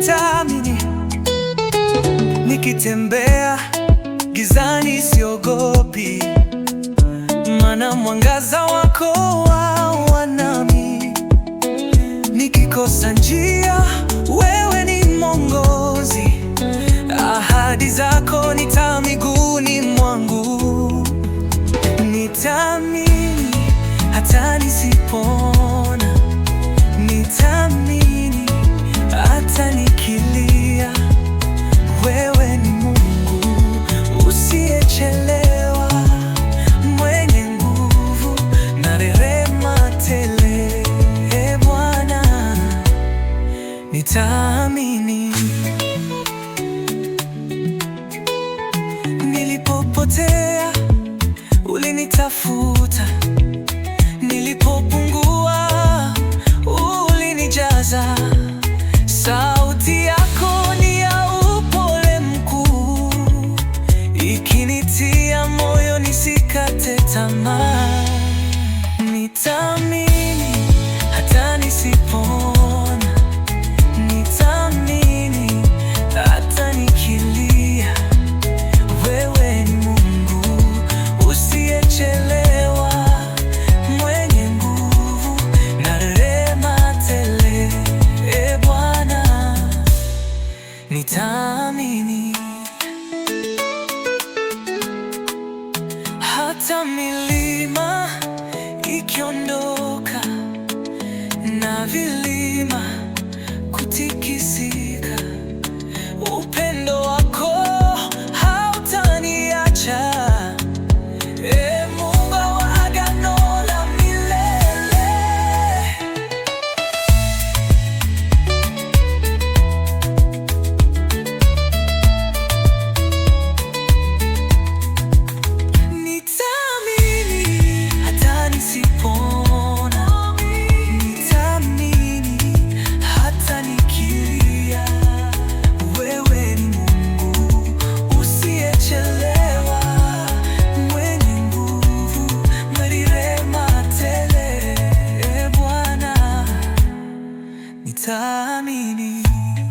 nitaamini, nikitembea gizani siogopi, mana mwangaza wako wa wanami nikikosa njia kunitafuta, nilipopungua ulinijaza. Sauti yako ni ya upole mkuu, ikinitia moyo nisikate tamaa. Nitami nitaamini hata milima ikiondoka na vile meaning.